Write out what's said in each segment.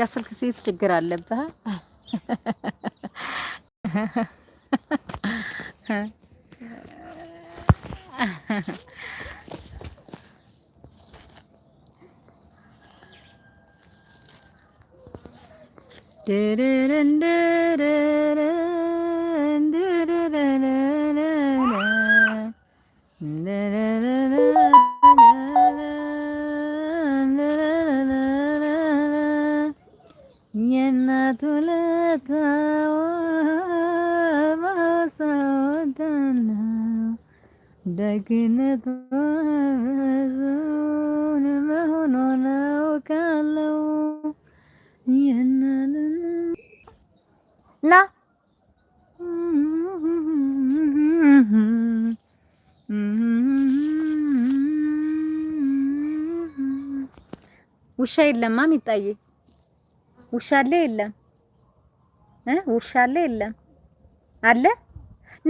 የስልክ ሲይዝ ችግር አለብህ። ድርንድር ቱለታዋ ማሳወዳና ደግነቷ ብዙን መሆኗን ና ውሻ የለም ማም ይጣዬ ውሻ አለ የለም ውሻ አለ የለም? አለ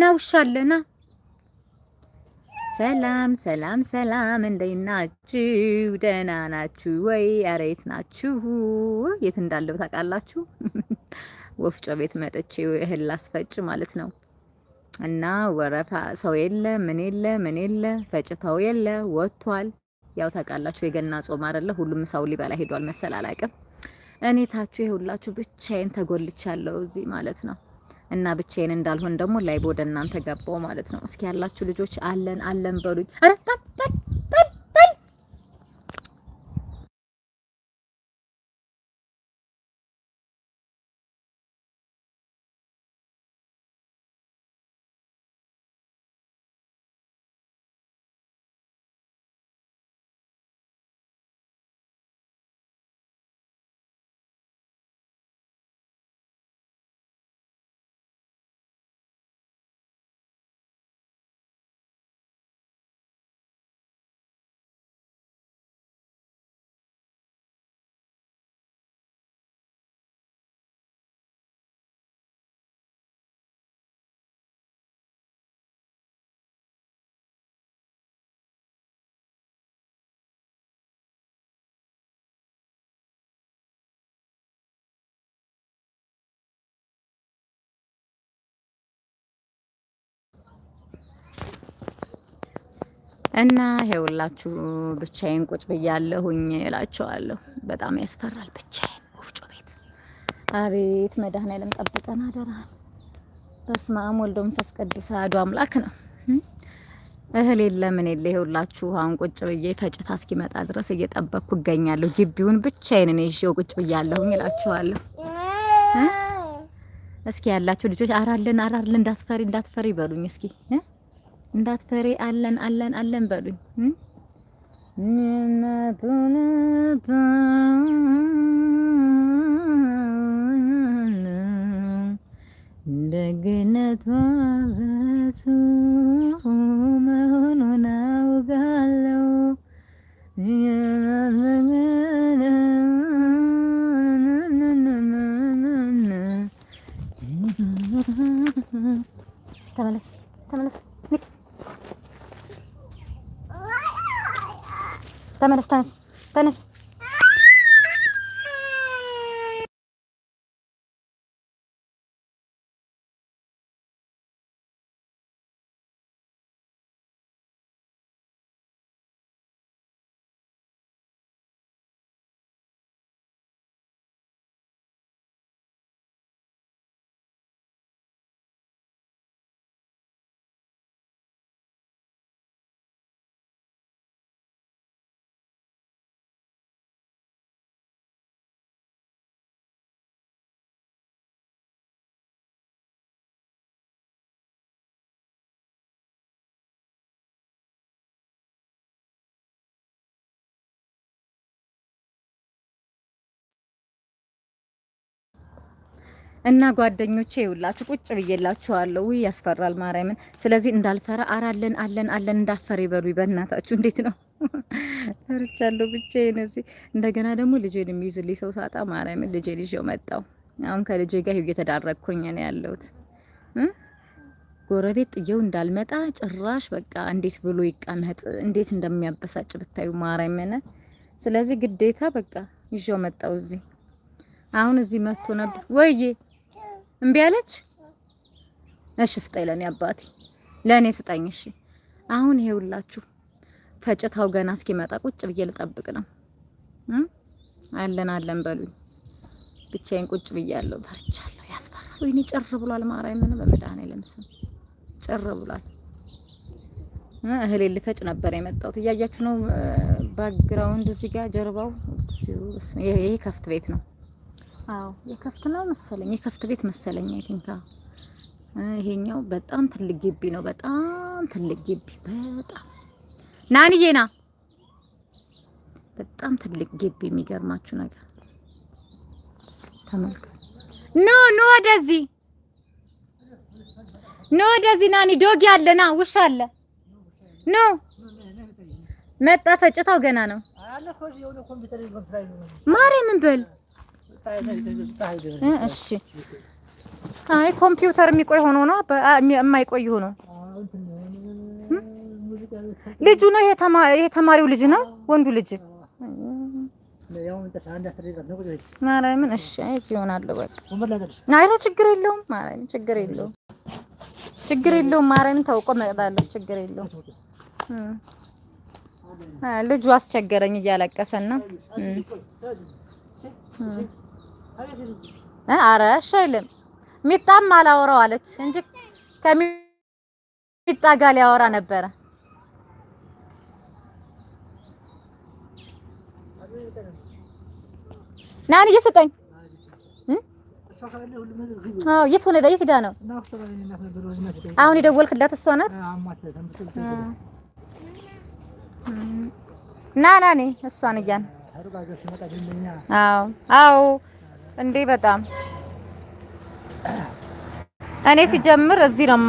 ና ውሻ አለ ና። ሰላም ሰላም ሰላም፣ እንዴት ናችሁ? ደህና ናችሁ ወይ? ኧረ የት ናችሁ? የት እንዳለው ታውቃላችሁ? ወፍጮ ቤት መጥቼ እህል ላስፈጭ ማለት ነው። እና ወረፋ ሰው የለ ምን የለ ምን የለ ፈጭተው የለ ወጥቷል። ያው ታውቃላችሁ የገና ጾም አይደለ? ሁሉም ሰው ሊበላ ሄዷል መሰል አላውቅም። እኔ ታቹ የሁላችሁ ብቻዬን ተጎልቻለሁ እዚህ ማለት ነው። እና ብቻዬን እንዳልሆን ደግሞ ላይ ወደ እናንተ ገባው ማለት ነው። እስኪ ያላችሁ ልጆች አለን አለን በሉኝ። እና ይኸውላችሁ ብቻዬን ቁጭ ብያለሁኝ እላቸዋለሁ። በጣም ያስፈራል ብቻዬን ወፍጮ ቤት። አቤት መድኃኔዓለም ጠብቀን አደራል። በስመ አብ ወልድ ወመንፈስ ቅዱስ አሐዱ አምላክ ነው። እህል የለ ምን የለ። ይኸውላችሁ አሁን ቁጭ ብዬ ፈጭታ እስኪመጣ ድረስ እየጠበቅኩ እገኛለሁ። ግቢውን ብቻዬን እኔ ይዤው ቁጭ ብያለሁኝ እላቸዋለሁ። እስኪ ያላችሁ ልጆች አራልን አራልን፣ እንዳትፈሪ እንዳትፈሪ በሉኝ እስኪ እንዳትፈሬ አለን አለን አለን በሉኝ። ደግነቷ በሱ መሆኑን ተመለስ ተመለስ ተመለስ፣ ተነስ፣ ተነስ። እና ጓደኞቼ ይውላችሁ ቁጭ ብዬላችኋለሁ። ውይ ያስፈራል ማርያምን። ስለዚህ እንዳልፈራ አራለን አለን አለን እንዳፈር ይበሉ በእናታችሁ። እንዴት ነው ፈርቻለሁ ብቻዬን እዚህ። እንደገና ደግሞ ልጄን የሚይዝልኝ ሰው ሳጣ ማርያምን ልጄን ይዤው መጣሁ። አሁን ከልጄ ጋር እየተዳረኩኝ ነው ያለሁት። ጎረቤት ጥየው እንዳልመጣ ጭራሽ በቃ እንዴት ብሎ ይቀመጥ፣ እንዴት እንደሚያበሳጭ ብታዩ ማርያምን። ስለዚህ ግዴታ በቃ ይዤው መጣሁ እዚህ። አሁን እዚህ መጥቶ ነበር ወይዬ እምቢ አለች። እሺ ስጠኝ፣ ለኔ አባቴ ለኔ ስጠኝ። እሺ አሁን ይሄውላችሁ ፈጭታው ገና እስኪመጣ ቁጭ ብዬ ልጠብቅ ነው። አለን አለን በሉኝ። ብቻዬን ቁጭ ብዬ ያለው ፈርቻለሁ። ያስፈራል። ወይኔ ጭር ብሏል። ማርያምን በመድኃኒዓለም ስም ጭር ብሏል። እህሌ ልፈጭ ነበር የመጣሁት። እያያችሁ ነው ባግራውንዱ እዚህ ጋር ጀርባው። ይሄ ከፍት ቤት ነው። አዎ የከፍት ነው መሰለኝ፣ የከፍት ቤት መሰለኝ። አይ ቲንክ አዎ። ይሄኛው በጣም ትልቅ ግቢ ነው። በጣም ትልቅ ግቢ፣ በጣም ናንዬ ና፣ በጣም ትልቅ ግቢ። የሚገርማችሁ ነገር ተመልከ ኖ ኖ፣ ወደዚህ ኖ፣ ወደዚህ ናኒ፣ ዶግ ያለ ና፣ ውሻ አለ። ኖ መጣ፣ ፈጭታው ገና ነው። ማርያምን በል እሺ። አይ ኮምፒውተር የሚቆይ ሆኖ ነው የማይቆይ ሆኖ ልጁ ነው የተማሪው ልጅ ነው ወንዱ ልጅ ማርያምን። እሺ። አይ ይሆናል በቃ አይ ችግር የለውም ማርያምን፣ ችግር የለውም ችግር የለውም ማርያምን። ታውቆ ችግር የለውም። ልጁ አስቸገረኝ እያለቀሰና አረ እሺ አይልም። ሚጣም አላወራው አለች እንጂ ከሚጣ ጋር ሊያወራ ነበረ። ናን እየሰጠኝ አዎ፣ የት ሆነ? የት ሄዳ ነው አሁን የደወልክላት? እሷ ናት። ና ና፣ እኔ እሷን እያን አዎ፣ አዎ እንዴ! በጣም እኔ ሲጀምር እዚህ ነው